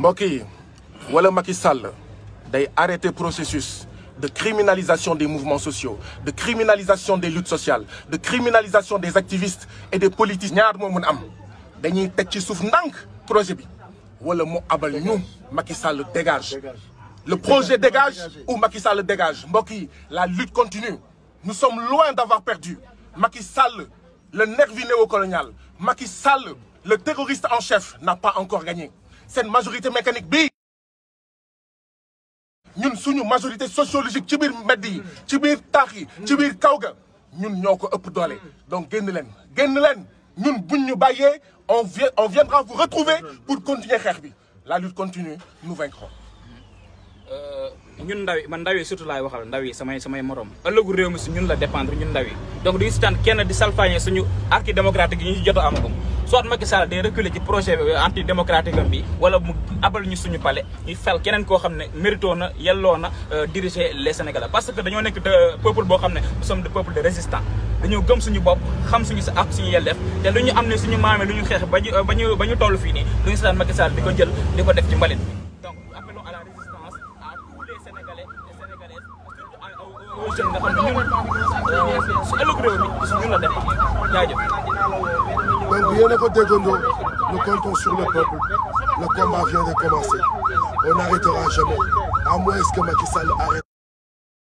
mbokk yi wala Macky Sall day arrêter processus de criminalisation des mouvements sociaux de criminalisation des luttes sociales de criminalisation des activistes et des politiciens ñaar moo mën am dañuy teg ci suuf ndànk projet bi wala mu abal ñu Macky Sall dégage le projet dégage ou Macky Sall dégage mbokk yi la lutte continue nous sommes loin d'avoir perdu Macky Sall le nervi néocolonial Macky Sall le terroriste en chef n'a pas encore gagné seen majorité mécanique bi ñun suñu majorité sociologique ci biir mbedd yi ci biir taax yi ci biir kaw ga ñun ñoo ko ëpp doole donc génn leen génn leen ñun buñ ñu bàyyee on vient on viendra vous retrouver pour continuer xeex bi la lutte continue nous vaincrons euh, ñun ndaw yi man ndaw yi surtout laay waxal ndaw yi samay samay morom ëllëgu réew mi si ñun la dépendre ñun ndaw yi donc duñu si tànn kenn di salfaañe suñu arc démocratique yi ñu jot a amagum soit Macky Sall day reculer ci projet euh, anti démocratique am bi wala mu abal ñu suñu pale ñu fel keneen koo xam ne mérito na yelloo na euh, diriger les Sénégalais parce que dañoo nekk de euh, peuple boo xam ne nous sommes de peuple de résistants dañoo gëm suñu bopp xam suñu sa ak suñu yelleef te lu ñu am ne suñu maamee lu ñu xeex ba ñu ba ñu ba ñu toll fii nii lu ñu seetaan Macky Sall di ko jël di ko def ci mbalit bi donc appelons à la résistance à tous les Sénégalais et Sénégalaises surtout aux jeunes nga xam ne ñun su ëllëg la def donc yéen a ko déggandoo nous comptons sur le peuple le combat vient de commencer on n'arrêtera jamais à moins que Macky Sall arrête